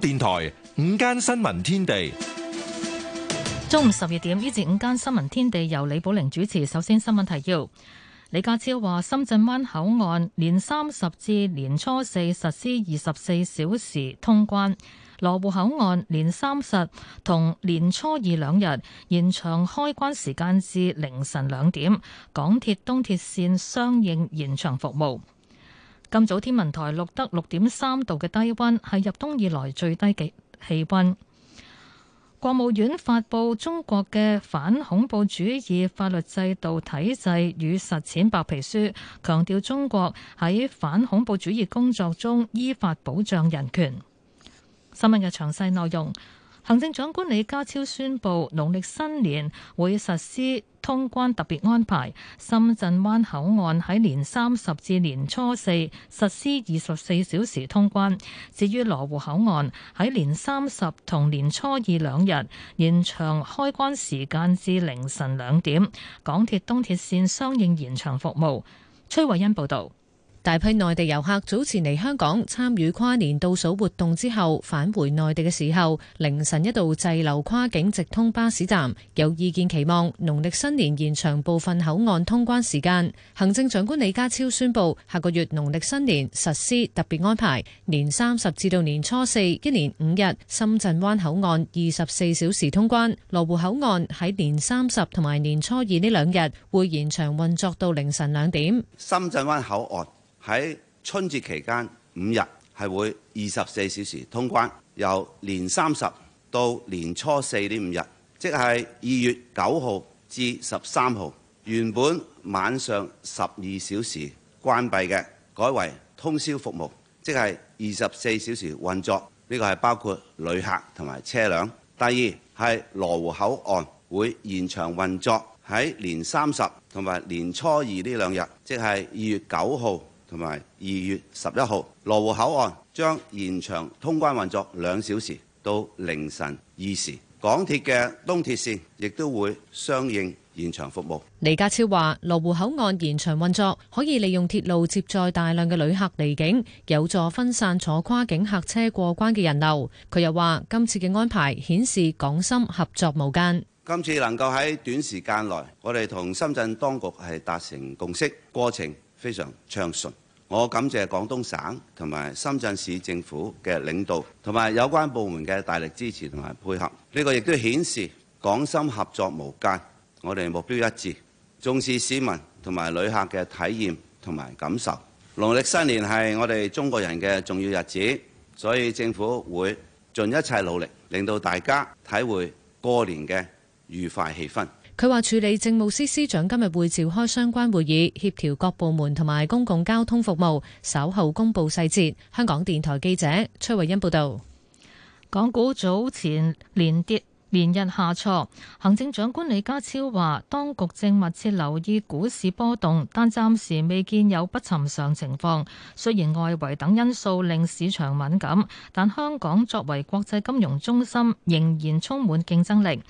電台午間新聞天地，中午十二點呢至午間新聞天地由李寶玲主持。首先新聞提要：李家超話，深圳灣口岸年三十至年初四實施二十四小時通關，羅湖口岸年三十同年初二兩日延長開關時間至凌晨兩點，港鐵東鐵綫相應延長服務。今早天文台錄得六點三度嘅低溫，係入冬以來最低嘅氣溫。國務院發布《中國嘅反恐怖主義法律制度體制與實踐白皮書》，強調中國喺反恐怖主義工作中依法保障人權。新聞嘅詳細內容。行政長官李家超宣布，農曆新年會實施通關特別安排。深圳灣口岸喺年三十至年初四實施二十四小時通關。至於羅湖口岸喺年三十同年初二兩日延長開關時間至凌晨兩點，港鐵東鐵線相應延長服務。崔慧恩報道。大批內地遊客早前嚟香港參與跨年倒數活動之後，返回內地嘅時候，凌晨一度滯留跨境直通巴士站，有意見期望農曆新年延長部分口岸通關時間。行政長官李家超宣布，下個月農曆新年實施特別安排，年三十至到年初四，一連五日，深圳灣口岸二十四小時通關，羅湖口岸喺年三十同埋年初二呢兩日會延長運作到凌晨兩點。深圳灣口岸。喺春節期間五日係會二十四小時通關，由年三十到年初四呢五日，即係二月九號至十三號，原本晚上十二小時關閉嘅，改為通宵服務，即係二十四小時運作。呢個係包括旅客同埋車輛。第二係羅湖口岸會延長運作，喺年三十同埋年初二呢兩日，即係二月九號，同埋二月十一號，羅湖口岸將延長通關運作兩小時，到凌晨二時。港鐵嘅東鐵線亦都會相應延長服務。李家超話：羅湖口岸延長運作，可以利用鐵路接載大量嘅旅客離境，有助分散坐跨境客車過關嘅人流。佢又話：今次嘅安排顯示港深合作無間。今次能夠喺短時間內，我哋同深圳當局係達成共識，過程非常暢順。我感謝廣東省同埋深圳市政府嘅領導同埋有關部門嘅大力支持同埋配合，呢個亦都顯示港深合作無間，我哋目標一致，重視市民同埋旅客嘅體驗同埋感受。農曆新年係我哋中國人嘅重要日子，所以政府會盡一切努力，令到大家體會過年嘅愉快氣氛。佢話：處理政務司司長今日會召開相關會議，協調各部門同埋公共交通服務，稍後公布細節。香港電台記者崔慧欣報道。港股早前連跌。連日下挫，行政長官李家超話：當局正密切留意股市波動，但暫時未見有不尋常情況。雖然外圍等因素令市場敏感，但香港作為國際金融中心，仍然充滿競爭力。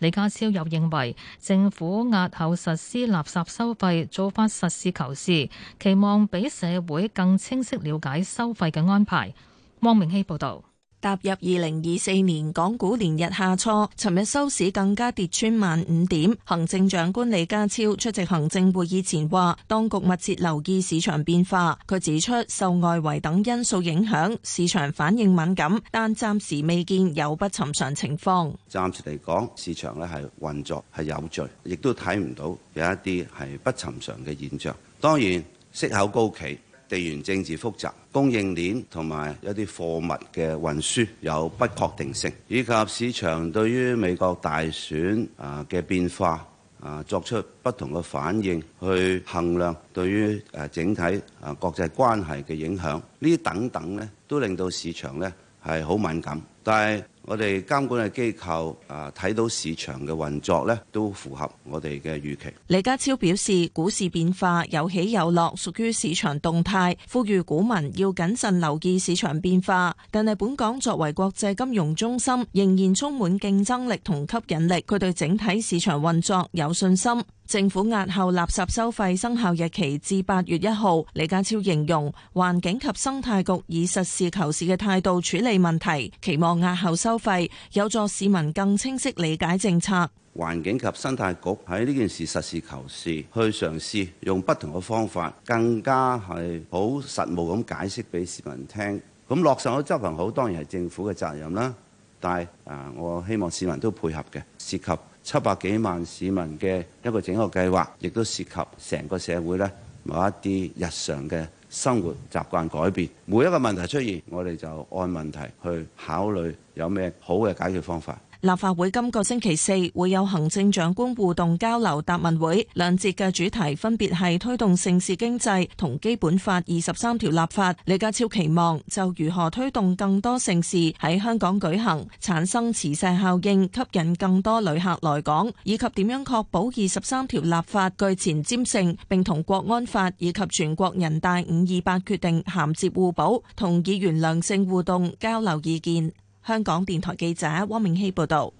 李家超又認為，政府押後實施垃圾收費做法，實事求是，期望俾社會更清晰了解收費嘅安排。汪明希報導。踏入二零二四年，港股連日下挫，尋日收市更加跌穿萬五點。行政長官李家超出席行政會議前話，當局密切留意市場變化。佢指出，受外圍等因素影響，市場反應敏感，但暫時未見有不尋常情況。暫時嚟講，市場呢係運作係有序，亦都睇唔到有一啲係不尋常嘅現象。當然，息口高企。地緣政治複雜、供應鏈同埋一啲貨物嘅運輸有不確定性，以及市場對於美國大選啊嘅變化啊作出不同嘅反應，去衡量對於誒整體啊國際關係嘅影響，呢啲等等咧都令到市場咧係好敏感，但係，我哋監管嘅機構啊，睇到市場嘅運作咧，都符合我哋嘅預期。李家超表示，股市變化有起有落，屬於市場動態，呼籲股民要謹慎留意市場變化。但係，本港作為國際金融中心，仍然充滿競爭力同吸引力。佢對整體市場運作有信心。政府押後垃圾收費生效日期至八月一號。李家超形容，環境及生態局以實事求是嘅態度處理問題，期望押後收費有助市民更清晰理解政策。環境及生態局喺呢件事實事求是，去嘗試用不同嘅方法，更加係好實務咁解釋俾市民聽。咁落實到執行好，當然係政府嘅責任啦。但係啊，我希望市民都配合嘅，涉及。七百幾萬市民嘅一個整個計劃，亦都涉及成個社會呢，某一啲日常嘅生活習慣改變。每一個問題出現，我哋就按問題去考慮有咩好嘅解決方法。立法會今個星期四會有行政長官互動交流答問會，兩節嘅主題分別係推動盛事經濟同基本法二十三條立法。李家超期望就如何推動更多盛事喺香港舉行，產生磁石效應，吸引更多旅客來港，以及點樣確保二十三條立法具前瞻性，並同國安法以及全國人大五二八決定銜接互補，同議員良性互動交流意見。香港電台記者汪明熙報道，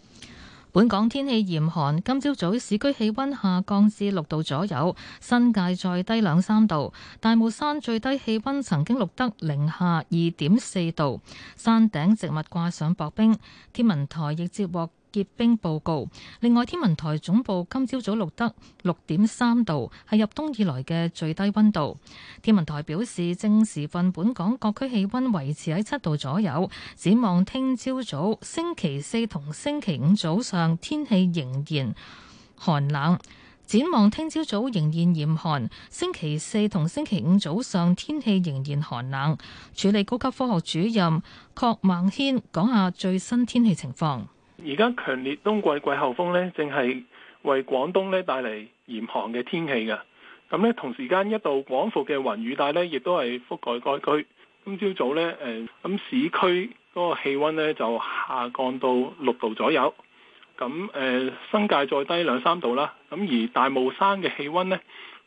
本港天氣嚴寒，今朝早，早市區氣溫下降至六度左右，新界再低兩三度，大帽山最低氣溫曾經錄得零下二點四度，山頂植物掛上薄冰，天文台亦接獲結冰報告。另外，天文台總部今朝早錄得六點三度，係入冬以來嘅最低温度。天文台表示，正時份本港各區氣温維持喺七度左右。展望聽朝早，早星期四同星期五早上天氣仍然寒冷。展望聽朝早，早仍然嚴寒，星期四同星期五早上天氣仍然寒冷。處理高級科學主任郭孟軒講下最新天氣情況。而家強烈冬季季候風呢，正係為廣東咧帶嚟嚴寒嘅天氣嘅。咁呢，同時間一度廣闊嘅雲雨帶呢，亦都係覆蓋該區。今朝早，早呢，誒、呃、咁市區嗰個氣温呢，就下降到六度左右。咁誒、呃、新界再低兩三度啦。咁而大霧山嘅氣温呢，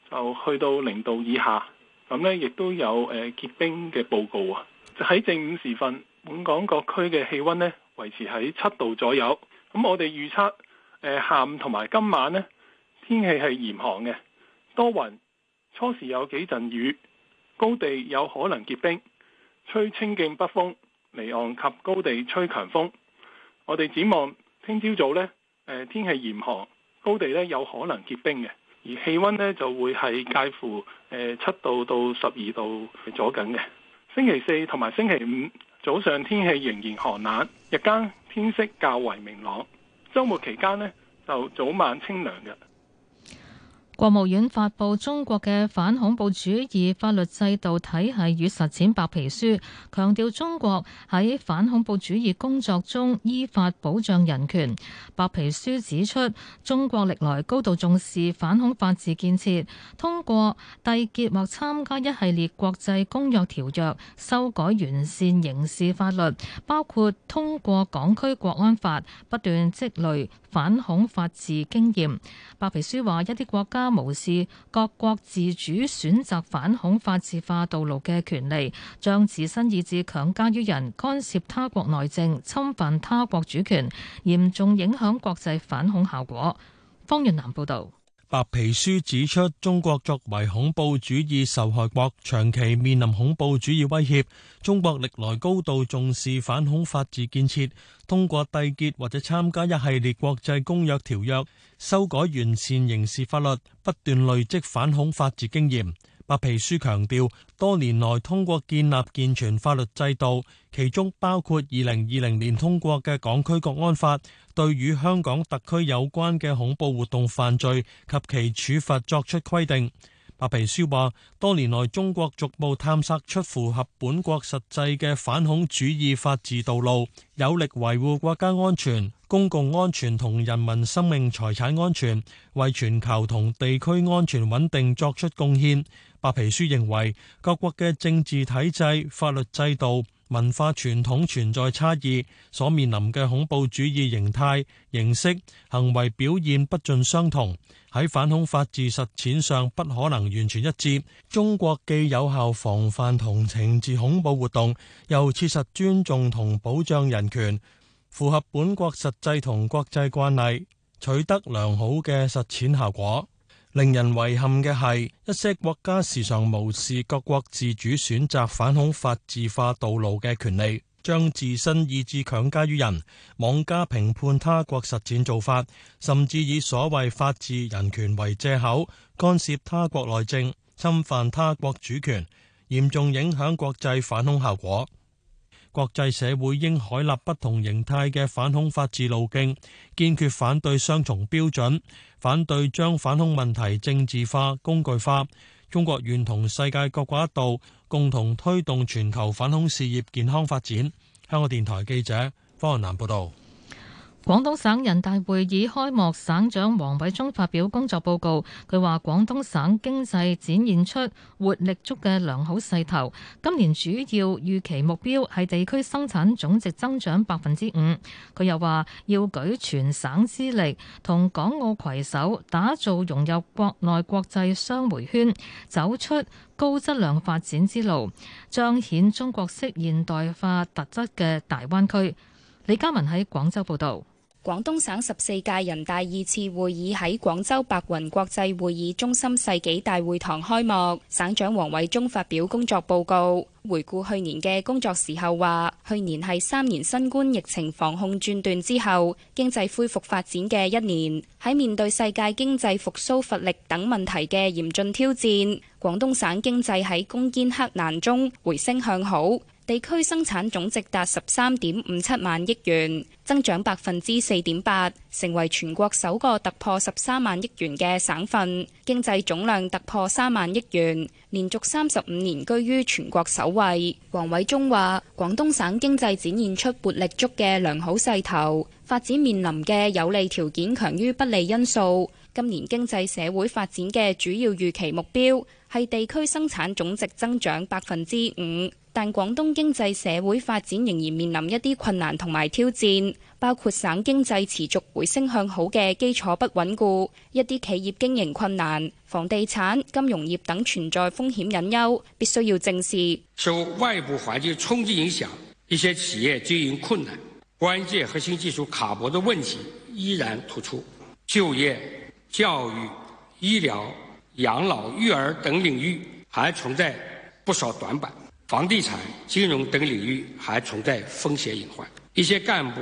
就去到零度以下。咁呢，亦都有誒、呃、結冰嘅報告啊。喺正午時分，本港各區嘅氣温呢。維持喺七度左右。咁我哋預測，誒下午同埋今晚呢，天氣係嚴寒嘅，多雲，初時有幾陣雨，高地有可能結冰，吹清勁北風，離岸及高地吹強風。我哋展望聽朝早，早呢，誒天氣嚴寒，高地呢有可能結冰嘅，而氣溫呢，就會係介乎誒七度到十二度左近嘅。星期四同埋星期五。早上天氣仍然寒冷，日間天色較為明朗，周末期間呢，就早晚清涼嘅。國務院發布《中國嘅反恐怖主義法律制度體系與實踐白皮書》，強調中國喺反恐怖主義工作中依法保障人權。白皮書指出，中國歷來高度重視反恐法治建設，通過締結或參加一系列國際公約條約，修改完善刑事法律，包括通過港區國安法，不斷積累反恐法治經驗。白皮書話：一啲國家，無視各國自主選擇反恐法治化道路嘅權利，將自身意志強加於人，干涉他國內政，侵犯他國主權，嚴重影響國際反恐效果。方潤南報道。白皮書指出，中國作為恐怖主義受害國，長期面臨恐怖主義威脅，中國歷來高度重視反恐法治建設，通過締結或者參加一系列國際公約條約，修改完善刑事法律，不斷累積反恐法治經驗。白皮書強調，多年來通過建立健全法律制度，其中包括二零二零年通過嘅《港區國安法》，對與香港特區有關嘅恐怖活動犯罪及其處罰作出規定。白皮書話，多年來中國逐步探索出符合本國實際嘅反恐主義法治道路，有力維護國家安全、公共安全同人民生命財產安全，為全球同地區安全穩定作出貢獻。白皮書認為，各國嘅政治體制、法律制度、文化傳統存在差異，所面臨嘅恐怖主義形態、形式、行為表現不盡相同，喺反恐法治實踐上不可能完全一致。中國既有效防範同懲治恐怖活動，又切實尊重同保障人權，符合本國實際同國際慣例，取得良好嘅實踐效果。令人遺憾嘅係，一些國家時常無視各國自主選擇反恐法治化道路嘅權利，將自身意志強加於人，妄加評判他國實踐做法，甚至以所謂法治人權為借口干涉他國內政，侵犯他國主權，嚴重影響國際反恐效果。國際社會應海納不同形態嘅反恐法治路徑，堅決反對雙重標準。反對將反恐問題政治化、工具化。中國願同世界各國一道，共同推動全球反恐事業健康發展。香港電台記者方雲南報道。廣東省人大會議開幕，省長王偉中發表工作報告。佢話廣東省經濟展現出活力足嘅良好勢頭。今年主要預期目標係地區生產總值增長百分之五。佢又話要舉全省之力，同港澳攜手打造融入國內國際雙回圈，走出高質量發展之路，彰顯中國式現代化特質嘅大灣區。李嘉文喺廣州報道。廣東省十四屆人大二次會議喺廣州白雲國際會議中心世紀大會堂開幕，省長王偉中發表工作報告，回顧去年嘅工作時候話：去年係三年新冠疫情防控轉段之後，經濟恢復發展嘅一年。喺面對世界經濟復蘇乏力等問題嘅嚴峻挑戰，廣東省經濟喺攻堅克難中回升向好，地區生產總值達十三點五七萬億元。增長百分之四點八，成為全國首個突破十三萬億元嘅省份，經濟總量突破三萬億元，連續三十五年居於全國首位。王偉中話：廣東省經濟展現出活力足嘅良好勢頭，發展面臨嘅有利條件強於不利因素。今年經濟社會發展嘅主要預期目標係地區生產總值增長百分之五，但廣東經濟社會發展仍然面臨一啲困難同埋挑戰。包括省經濟持續回升向好嘅基礎不穩固，一啲企業經營困難，房地產、金融業等存在風險隱憂，必須要正視。受外部環境衝擊影響，一些企業經營困難，關鍵核心技術卡脖的問題依然突出，就業、教育、醫療、養老、育兒等領域還存在不少短板，房地產、金融等領域還存在風險隱患，一些幹部。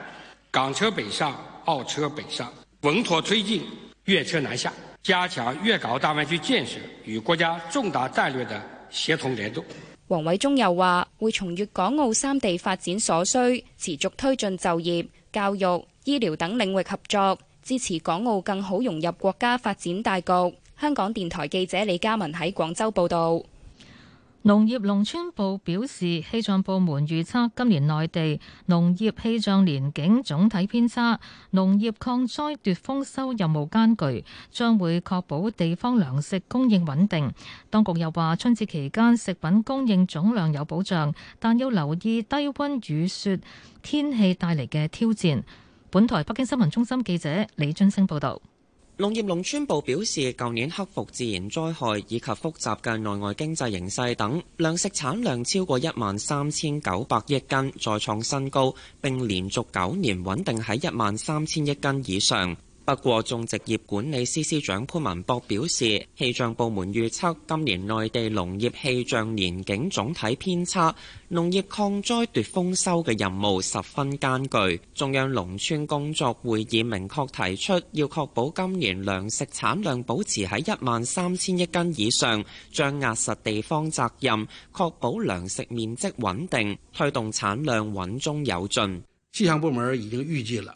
港車北上、澳車北上，穩妥推進粵車南下，加強粵港澳大灣區建設與國家重大戰略的協同聯動。黃偉忠又話，會從粵港澳三地發展所需，持續推進就業、教育、醫療等領域合作，支持港澳更好融入國家發展大局。香港電台記者李嘉文喺廣州報道。農業農村部表示，氣象部門預測今年內地農業氣象年景總體偏差，農業抗災奪豐收任務艱巨，將會確保地方糧食供應穩定。當局又話，春節期間食品供應總量有保障，但要留意低温雨雪天氣帶嚟嘅挑戰。本台北京新聞中心記者李津升報道。農業農村部表示，舊年克服自然災害以及複雜嘅內外經濟形勢等，糧食產量超過一萬三千九百億斤，再創新高，並連續九年穩定喺一萬三千億斤以上。不過，種植業管理司司長潘文博表示，氣象部門預測今年內地農業氣象年景總體偏差，農業抗災奪豐收嘅任務十分艱巨。中央農村工作會議明確提出，要確保今年糧食產量保持喺一萬三千億斤以上，將壓實地方責任，確保糧食面積穩定，推動產量穩中有進。氣象部門已經預計了。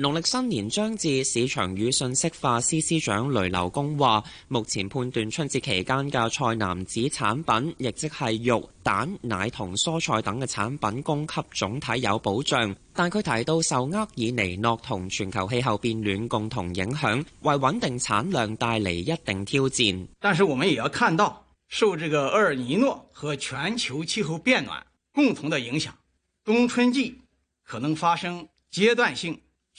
農曆新年將至，市場與信息化司司長雷劉公話：目前判斷春節期間嘅菜籃子產品，亦即係肉、蛋、奶同蔬菜等嘅產品供給總體有保障。但佢提到受厄爾尼諾同全球氣候變暖共同影響，為穩定產量帶嚟一定挑戰。但是我們也要看到，受這個厄爾尼諾和全球氣候變暖共同的影響，冬春季可能發生階段性，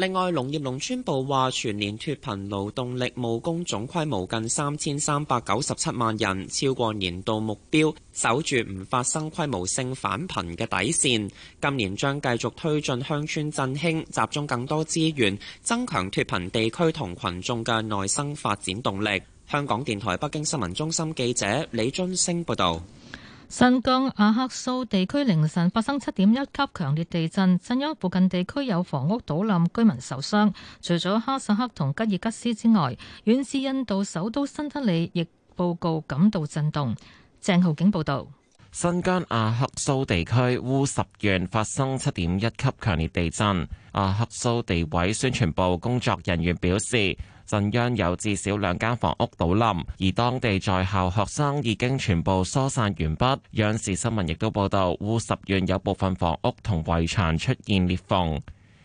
另外，農業農村部話全年脫貧勞動力務工總規模近三千三百九十七萬人，超過年度目標守住，唔發生規模性返貧嘅底線，今年將繼續推進鄉村振興集中更多資源，增強脫貧地區同群眾嘅內生發展動力。香港電台北京新聞中心記者李津星報道。新疆阿克蘇地區凌晨發生七點一級強烈地震，震央附近地區有房屋倒冧，居民受傷。除咗哈薩克同吉爾吉斯之外，遠至印度首都新德里亦報告感到震動。鄭浩景報道：新疆阿克蘇地區烏什縣發生七點一級強烈地震。阿克蘇地委宣傳部工作人員表示。震央有至少兩間房屋倒冧，而當地在校學生已經全部疏散完畢。央視新聞亦都報道，烏什縣有部分房屋同圍牆出現裂縫。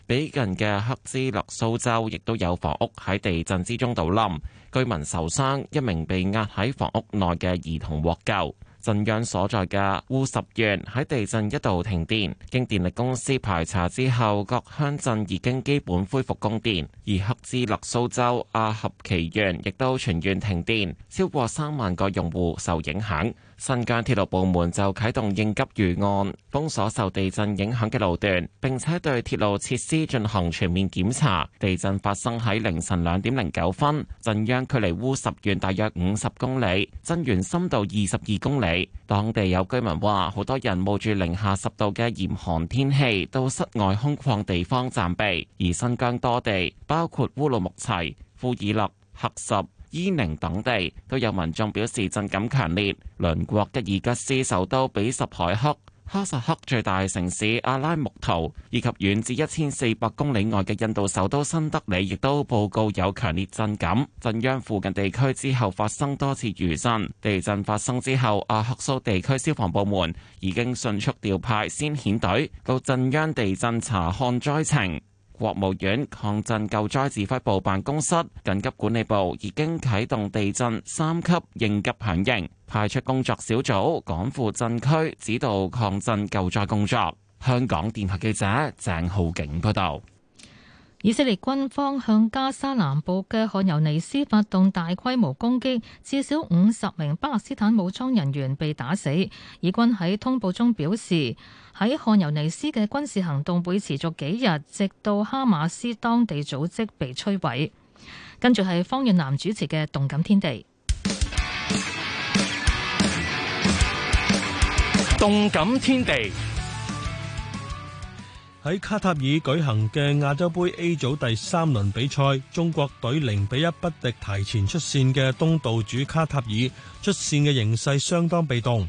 比近嘅克孜勒蘇州亦都有房屋喺地震之中倒冧。居民受傷，一名被壓喺房屋內嘅兒童獲救。震央所在嘅烏什縣喺地震一度停電，經電力公司排查之後，各鄉鎮已經基本恢復供電。而克孜勒蘇州阿合奇縣亦都全縣停電，超過三萬個用戶受影響。新疆鐵路部門就啟動應急預案，封鎖受地震影響嘅路段，並且對鐵路設施進行全面檢查。地震發生喺凌晨兩點零九分，震央距離烏什縣大約五十公里，震源深度二十二公里。當地有居民話，好多人冒住零下十度嘅嚴寒天氣，到室外空曠地方暫避。而新疆多地，包括烏魯木齊、庫爾勒、喀什、伊寧等地都有民眾表示震感強烈，鄰國吉爾吉斯首都比什凱克、哈薩克最大城市阿拉木圖以及遠至一千四百公里外嘅印度首都新德里，亦都報告有強烈震感。震央附近地區之後發生多次餘震。地震發生之後，阿克蘇地區消防部門已經迅速調派先遣隊到震央地震查看災情。國務院抗震救災指揮部辦公室、緊急管理部已經啟動地震三級應急響應，派出工作小組趕赴震區指導抗震救災工作。香港電台記者鄭浩景報道。以色列軍方向加沙南部嘅汗尤尼斯發動大規模攻擊，至少五十名巴勒斯坦武裝人員被打死。以軍喺通報中表示，喺漢尤尼斯嘅軍事行動會持續幾日，直到哈馬斯當地組織被摧毀。跟住係方遠南主持嘅動感天地。動感天地喺卡塔爾舉行嘅亞洲盃 A 組第三輪比賽，中國隊零比一不敵提前出線嘅東道主卡塔爾，出線嘅形勢相當被動。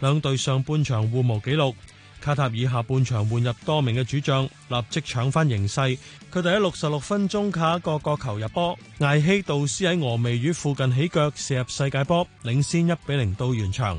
兩隊上半場互無紀錄，卡塔爾下半場換入多名嘅主將，立即搶翻形勢。佢哋喺六十六分鐘卡一個角球入波，艾希道斯喺峨眉魚附近起腳射入世界波，領先一比零到完場。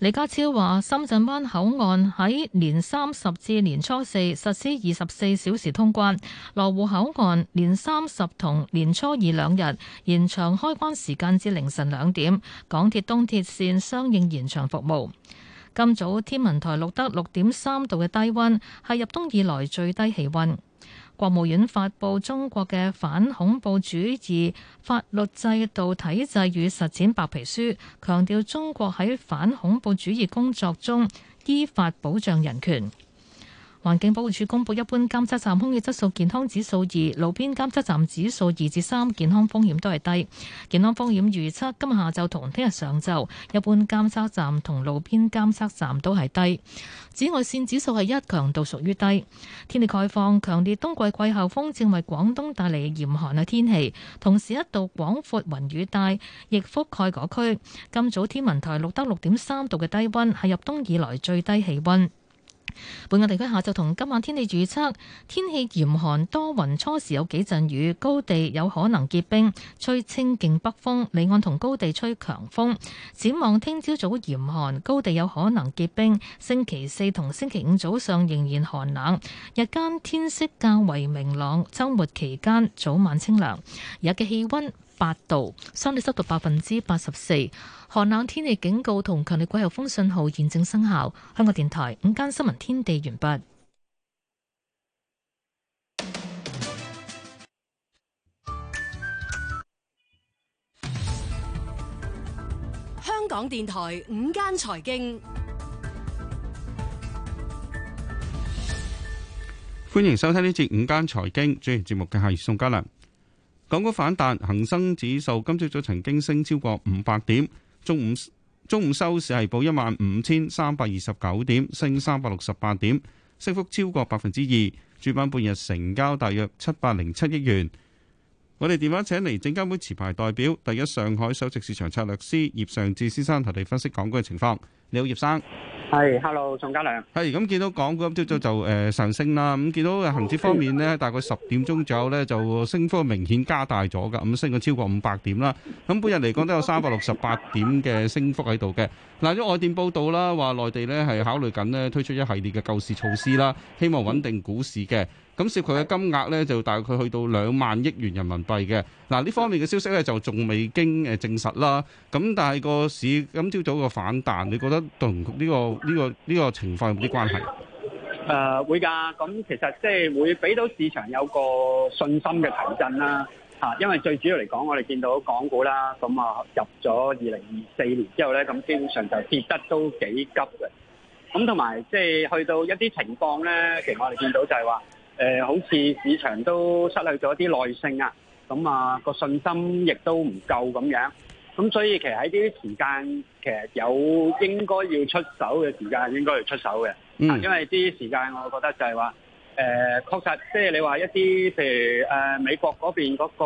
李家超話：深圳灣口岸喺年三十至年初四實施二十四小時通關，羅湖口岸年三十同年初二兩日延長開關時間至凌晨兩點，港鐵東鐵線相應延長服務。今早天文台錄得六點三度嘅低溫，係入冬以來最低氣溫。國務院發布《中國嘅反恐怖主義法律制度體制與實踐白皮書》，強調中國喺反恐怖主義工作中依法保障人權。環境保護署公布，一般監測站空氣質素健康指數二，路邊監測站指數二至三，健康風險都係低。健康風險預測今日下晝同聽日上晝，一般監測站同路邊監測站都係低。紫外線指數係一，強度屬於低。天氣概況：強烈冬季季候風正為廣東帶嚟嚴寒嘅天氣，同時一度廣闊雲雨帶亦覆蓋嗰區。今早天文台錄得六點三度嘅低溫，係入冬以來最低氣溫。本港地區下晝同今晚天氣預測：天氣嚴寒多雲，初時有幾陣雨，高地有可能結冰，吹清勁北風，離岸同高地吹強風。展望聽朝早嚴寒，高地有可能結冰。星期四同星期五早上仍然寒冷，日間天色較為明朗。周末期間早晚清涼，日嘅氣溫。八度，相對濕度百分之八十四，寒冷天氣警告同強烈季候風信號現正生效。香港電台午間新聞天地完畢。香港電台午間財經，歡迎收聽呢節午間財經主持節目嘅係宋嘉良。港股反彈，恒生指數今朝早曾經升超過五百點，中午中午收市係報一萬五千三百二十九點，升三百六十八點，升幅超過百分之二。主板半日成交大約七百零七億元。我哋電話請嚟證監會持牌代表、第一上海首席市場策略師葉尚志先生，同你分析港股嘅情況。你好，葉生。係，Hello，宋嘉良。係，咁見到港股今朝早就誒上升啦。咁見到恒指方面呢，大概十點鐘左右呢，就升幅明顯加大咗噶。咁升咗超過五百點啦。咁本日嚟講都有三百六十八點嘅升幅喺度嘅。嗱，咗外電報道啦，話內地呢係考慮緊呢推出一系列嘅救市措施啦，希望穩定股市嘅。咁涉及佢嘅金額咧，就大概去到兩萬億元人民幣嘅。嗱，呢方面嘅消息咧，就仲未經誒證實啦。咁但係個市今朝早個反彈，你覺得同呢個呢個呢個情況有冇啲關係？誒會㗎。咁其實即係會俾到市場有個信心嘅提振啦。嚇，因為最主要嚟講，我哋見到港股啦，咁啊入咗二零二四年之後咧，咁基本上就跌得都幾急嘅。咁同埋即係去到一啲情況咧，其實我哋見到就係話。誒、呃，好似市場都失去咗啲耐性啊，咁、嗯、啊個信心亦都唔夠咁樣，咁、嗯、所以其實喺呢啲時間，其實有應該要出手嘅時間，應該要出手嘅。嗯。啊，因為呢啲時間，我覺得就係話誒，確、呃、實即係你話一啲譬如誒、呃、美國嗰邊嗰個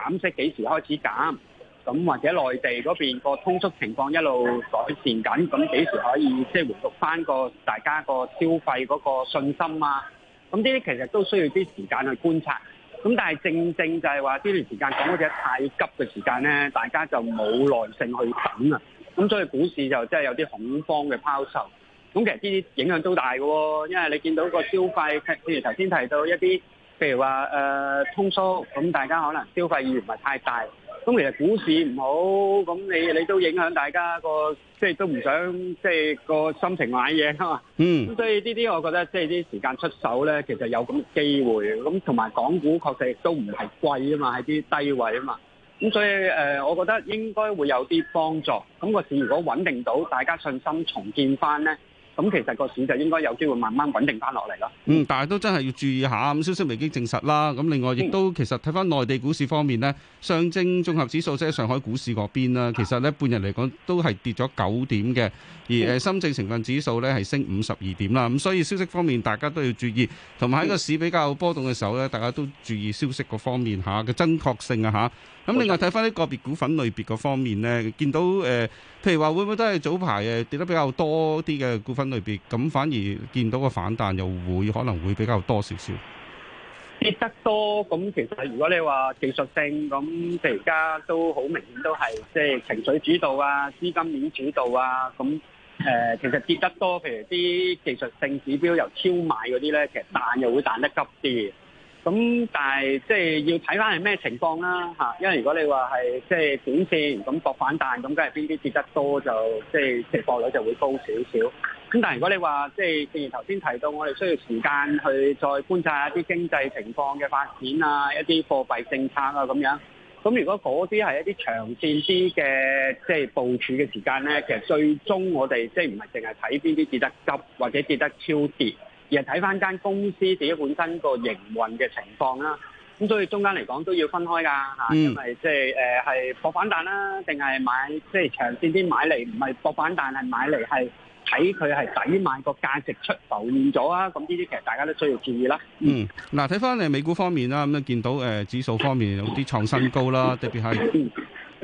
減息幾時開始減，咁、嗯、或者內地嗰邊個通縮情況一路改善緊，咁幾時可以即係、就是、回復翻個大家個消費嗰個信心啊？咁呢啲其實都需要啲時間去觀察，咁但係正正就係話呢段時間講得嘅太急嘅時間咧，大家就冇耐性去等啊，咁所以股市就真係有啲恐慌嘅拋售。咁其實呢啲影響都大嘅、哦，因為你見到個消費，譬如頭先提到一啲，譬如話誒、呃、通縮，咁大家可能消費意願唔係太大。咁其實股市唔好，咁你你都影響大家個，即係都唔想即係個心情買嘢啊嘛。嗯。咁所以呢啲，我覺得即係啲時間出手咧，其實有咁機會。咁同埋港股確實亦都唔係貴啊嘛，喺啲低位啊嘛。咁所以誒、呃，我覺得應該會有啲幫助。咁、那個市如果穩定到，大家信心重建返咧。咁其實個市就應該有機會慢慢穩定翻落嚟咯。嗯，但係都真係要注意下，咁消息未經證實啦。咁另外亦都其實睇翻內地股市方面咧，上證綜合指數即係上海股市嗰邊啦，其實咧半日嚟講都係跌咗九點嘅。而誒深證成分指數咧係升五十二點啦。咁所以消息方面大家都要注意，同埋喺個市比較波動嘅時候咧，大家都注意消息嗰方面嚇嘅真確性啊嚇。咁另外睇翻啲個別股份類別嗰方面咧，見到誒、呃，譬如話會唔會都係早排誒跌得比較多啲嘅股份類別，咁反而見到個反彈又會可能會比較多少少跌得多。咁其實如果你話技術性，咁即係而家都好明顯都係即係情緒主導啊、資金鏈主導啊。咁誒、呃，其實跌得多，譬如啲技術性指標又超買嗰啲咧，其實彈又會彈得急啲。咁、嗯、但係即係要睇翻係咩情況啦嚇，因為如果你話係即係短線咁搏反彈，咁梗係邊啲跌得多就即係跌幅率就會高少少。咁但係如果你話即係正如頭先提到，我哋需要時間去再觀察一啲經濟情況嘅發展啊，一啲貨幣政策啊咁樣。咁如果嗰啲係一啲長線啲嘅，即係部署嘅時間咧，其實最終我哋即係唔係淨係睇邊啲跌得急或者跌得超跌，而係睇翻間公司自己本身個營運嘅情況啦，咁所以中間嚟講都要分開㗎吓，因為即係誒係博反彈啦，定係買即係、就是、長線啲買嚟，唔係博反彈啊，係買嚟係睇佢係抵買個價值出浮現咗啊！咁呢啲其實大家都需要注意啦。嗯，嗱睇翻嚟美股方面啦，咁都見到誒指數方面有啲創新高啦， 特別係。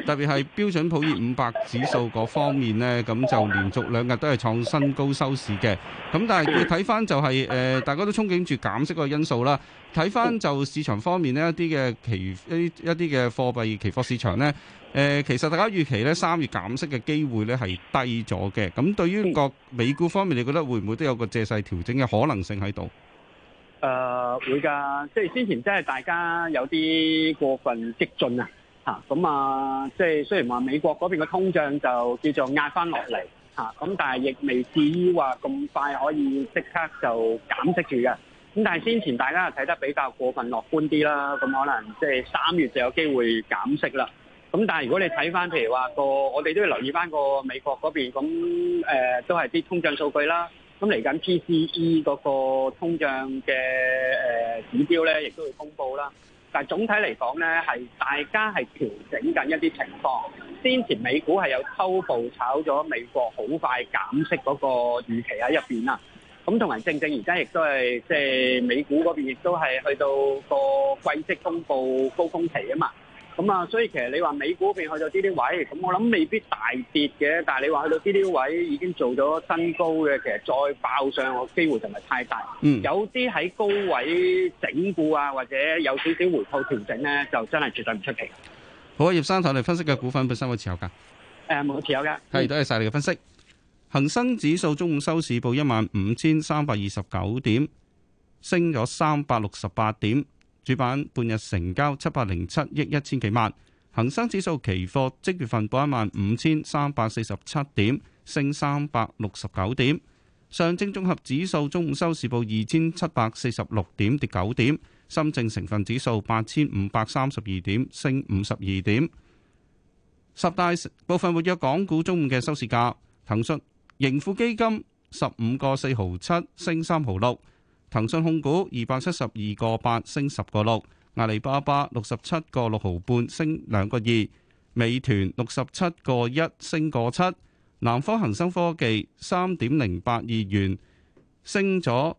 特別係標準普爾五百指數嗰方面呢，咁就連續兩日都係創新高收市嘅。咁但係要睇翻就係、是、誒、呃，大家都憧憬住減息嗰個因素啦。睇翻就市場方面呢，一啲嘅期一一啲嘅貨幣期貨市場呢，誒、呃，其實大家預期呢，三月減息嘅機會呢係低咗嘅。咁對於個美股方面，你覺得會唔會都有個借勢調整嘅可能性喺度？誒、呃、會㗎，即係之前真係大家有啲過分激進啊！嚇咁啊，即係雖然話美國嗰邊嘅通脹就叫做壓翻落嚟嚇，咁、啊、但係亦未至於話咁快可以即刻就減息住嘅。咁但係先前大家係睇得比較過分樂觀啲啦，咁、啊、可能即係三月就有機會減息啦。咁、啊、但係如果你睇翻譬如話個，我哋都要留意翻個美國嗰邊咁誒、啊，都係啲通脹數據啦。咁嚟緊 PCE 嗰個通脹嘅誒指標咧，亦都會公布啦。但係總體嚟講咧，係大家係調整緊一啲情況。先前美股係有偷步炒咗美國好快減息嗰個預期喺入邊喇，咁同埋正正而家亦都係即係美股嗰邊亦都係去到個季績公布高峰期啊嘛。咁啊，嗯、所以其實你話美股嗰邊去到呢啲位，咁我諗未必大跌嘅。但係你話去到呢啲位已經做咗新高嘅，其實再爆上嘅機會就唔係太大。嗯，有啲喺高位整固啊，或者有少少回吐調整呢，就真係絕對唔出奇。好，啊，葉生頭先分析嘅股份，本身有冇持有噶？誒、呃，冇持有嘅。係、嗯，多謝晒你嘅分析。恒生指數中午收市報一萬五千三百二十九點，升咗三百六十八點。主板半日成交七百零七億一千幾萬，恒生指數期貨即月份報一萬五千三百四十七點，升三百六十九點。上證綜合指數中午收市報二千七百四十六點，跌九點。深證成分指數八千五百三十二點，升五十二點。十大部分活躍港股中午嘅收市價，騰訊、盈富基金十五個四毫七，升三毫六。騰訊控股二百七十二個八升十個六，阿里巴巴六十七個六毫半升兩個二，美團六十七個一升個七，南方恒生科技三點零八二元升咗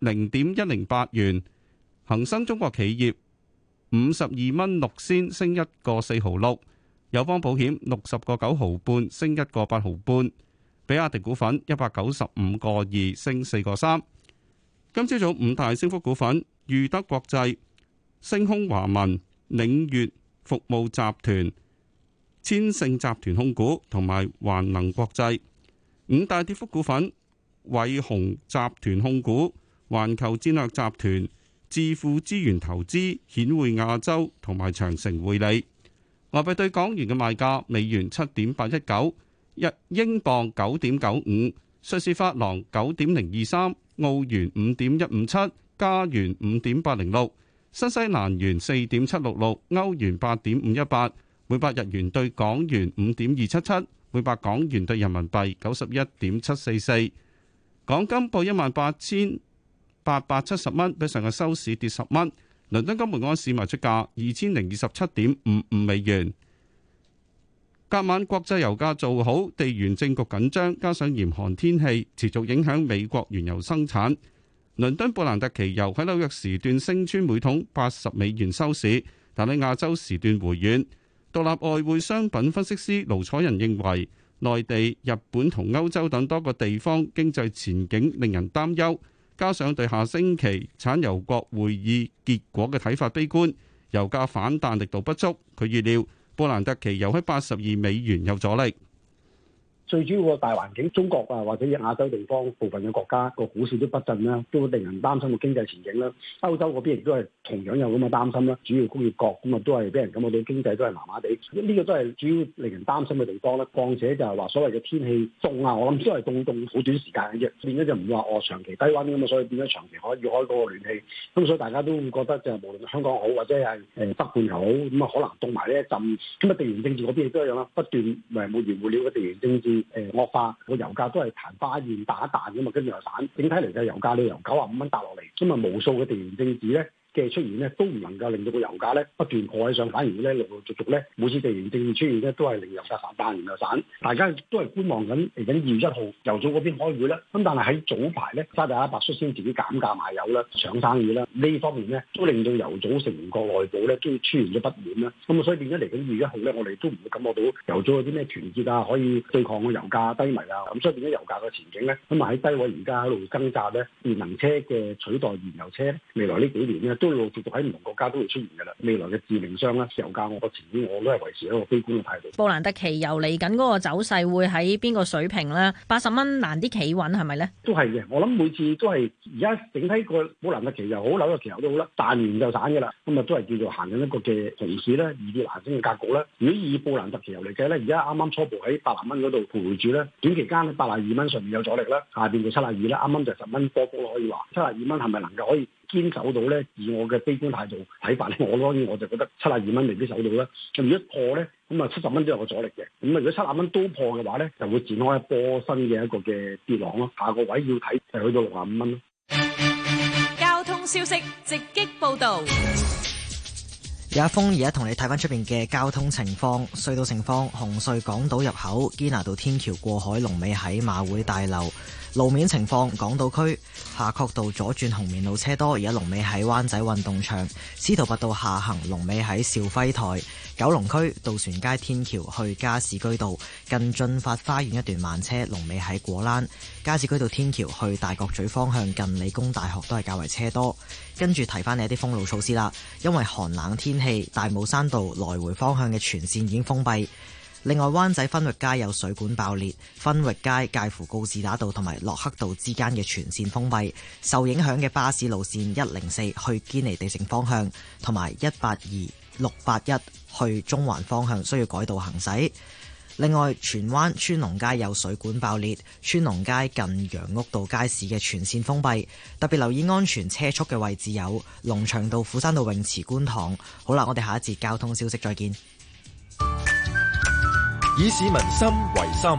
零點一零八元，恒生中國企業五十二蚊六仙升一個四毫六，友邦保險六十個九毫半升一個八毫半，比亞迪股份一百九十五個二升四個三。今朝早五大升幅股份：裕德國際、星空華文、領悅服務集團、千盛集團控股同埋環能國際。五大跌幅股份：偉宏集團控股、環球戰略集團、致富資源投資、顯匯亞洲同埋長城匯理。外幣對港元嘅賣價：美元七點八一九，一英鎊九點九五。瑞士法郎九點零二三，澳元五點一五七，加元五點八零六，新西蘭元四點七六六，歐元八點五一八，每百日元兌港元五點二七七，每百港元兌人民幣九十一點七四四。港金報一萬八千八百七十蚊，比上日收市跌十蚊。倫敦金每盎司賣出價二千零二十七點五五美元。隔晚國際油價做好，地緣政局緊張，加上嚴寒天氣持續影響美國原油生產。倫敦布蘭特期油喺紐約時段升穿每桶八十美元收市，但喺亞洲時段回軟。獨立外匯商品分析師盧楚仁認為，內地、日本同歐洲等多個地方經濟前景令人擔憂，加上對下星期產油國會議結果嘅睇法悲觀，油價反彈力度不足。佢預料。布蘭特期油喺八十二美元有阻力。最主要個大環境，中國啊或者亞洲地方部分嘅國家個股市都不振啦，都會令人擔心個經濟前景啦。歐洲嗰邊亦都係同樣有咁嘅擔心啦。主要工業國咁啊都係俾人感覺到經濟都係麻麻地，呢、這個都係主要令人擔心嘅地方啦。況且就係話所謂嘅天氣凍啊，我諗都係凍凍好短時間嘅啫，變咗就唔話哦長期低溫咁嘛。所以變咗長期可以開嗰個暖氣，咁所以大家都會覺得就係無論香港好或者係誒、呃、北半球好咁啊，可能凍埋呢一陣，咁啊地緣政治嗰邊亦都係啦，不斷誒無完無了嘅地緣政治。誒、呃、惡化個油價都係曇花現彈一彈咁嘛。跟住又散，整體嚟嘅油價你由九啊五蚊跌落嚟，咁啊無數嘅地緣政治咧嘅出現咧，都唔能夠令到個油價咧不斷高位上反，而咧陸陸續續咧，每次地緣政變出現咧，都係令油價反彈，然後散，大家都係觀望緊嚟緊二月一號油組嗰邊開會啦。咁但係喺早排咧，沙特阿伯率先自己減價賣油啦，搶生意啦。呢方面咧，都令到油組成員國內部咧都出現咗不滿啦。咁啊，所以變咗嚟緊二月一號咧，我哋都唔會感覺到油組有啲咩團結啊，可以對抗個油價低迷啊。咁所以變咗油價嘅前景咧，咁啊喺低位而家喺度掙扎咧，電能車嘅取代燃油車，未來呢幾年咧都陸續喺唔同國家都會出現噶啦。未來嘅致命傷咧，石油價我個前景我都係維持一個悲觀嘅態度。布蘭特期油嚟緊嗰個走勢會喺邊個水平咧？八十蚊難啲企穩係咪咧？都係嘅，我諗每次都係而家整體個布蘭特期油好，紐約期油都好啦，彈完就散噶啦。咁啊，都係叫做行緊一個嘅熊市咧，易跌難升嘅格局咧。如果以布蘭特期油嚟計咧，而家啱啱初步喺百零蚊嗰度徘徊住咧，短期間百零二蚊上面有阻力啦，下邊就七廿二啦，啱啱就十蚊波波可以話七廿二蚊係咪能夠可以？堅守到咧，以我嘅悲觀態度睇法咧，我當然我就覺得七十二蚊未必守到啦。咁如果破咧，咁啊七十蚊都有個阻力嘅。咁啊，如果七十蚊都破嘅話咧，就會展開一波新嘅一個嘅跌浪咯。下個位要睇就去到六十五蚊咯。交通消息直擊報導，有阿峰而家同你睇翻出面嘅交通情況、隧道情況、紅隧港島入口、堅拿道天橋過海、龍尾喺馬會大樓。路面情況，港島區夏慤道左轉紅棉路車多，而家龍尾喺灣仔運動場；司徒拔道下行龍尾喺肇輝台；九龍區渡船街天橋去加士居道近駿發花園一段慢車，龍尾喺果欄；加士居道天橋去大角咀方向近理工大學都係較為車多。跟住提翻你一啲封路措施啦，因為寒冷天氣，大帽山道來回方向嘅全線已經封閉。另外，灣仔分域街有水管爆裂，分域街介乎告士打道同埋洛克道之間嘅全線封閉，受影響嘅巴士路線一零四去堅尼地城方向，同埋一八二六八一去中環方向需要改道行駛。另外，荃灣川龍街有水管爆裂，川龍街近楊屋道街市嘅全線封閉，特別留意安全車速嘅位置有龍翔道、斧山道泳池、觀塘。好啦，我哋下一節交通消息，再見。以市民心為心，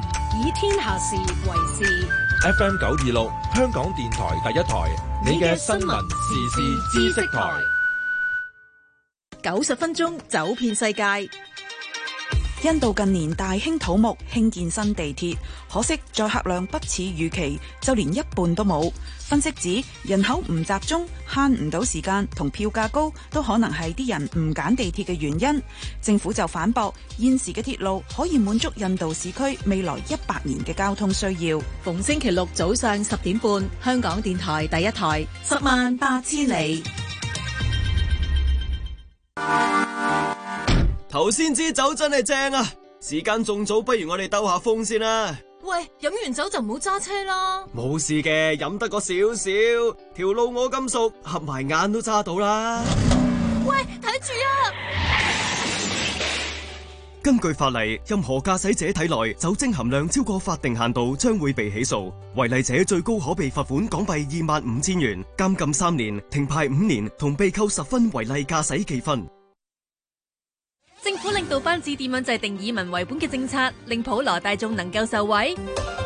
以天下事為事。 FM 九二六，香港電台第一台，你嘅新聞時事知識台，九十分鐘走遍世界。印度近年大興土木興建新地鐵，可惜載客量不似預期，就連一半都冇。分析指人口唔集中，慳唔到時間同票價高，都可能係啲人唔揀地鐵嘅原因。政府就反駁，現時嘅鐵路可以滿足印度市區未來一百年嘅交通需要。逢星期六早上十點半，香港電台第一台，十萬八千里。 頭先支酒真係正啊！時間仲早，不如我哋兜下風先啦啊。喂，飲完酒就唔好揸車啦。冇事嘅，飲得個少少，條路我咁熟，合埋眼都揸到啦。喂，睇住啊！根據法例，任何駕駛者體內酒精含量超過法定限度，將會被起訴。違例者最高可被罰款港幣二萬五千元、監禁三年、停牌五年同被扣十分違例駕駛記分。政府領導班子點樣制定以民為本嘅政策，令普羅大眾能夠受惠？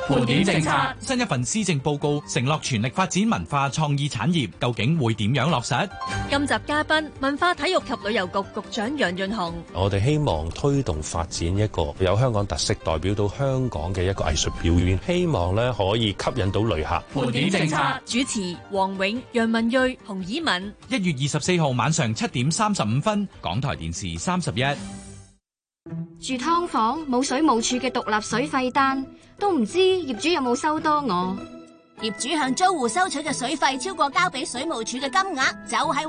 盤點政策，新一份施政報告承諾全力發展文化創意產業，究竟會點樣落實？今集嘉賓：文化體育及旅遊局局長楊潤雄。我哋希望推動發展一個有香港特色、代表到香港嘅一個藝術表演，希望咧可以吸引到旅客。盤點政策，主持：黃永、楊文睿、洪綺文，一月二十四號晚上七點三十五分，港台電視三十一。住劏房冇水務署嘅獨立水費單，都唔知業主有冇收多我。業主向租戶收取嘅水費超過交俾水務署嘅金額，就是，就喺。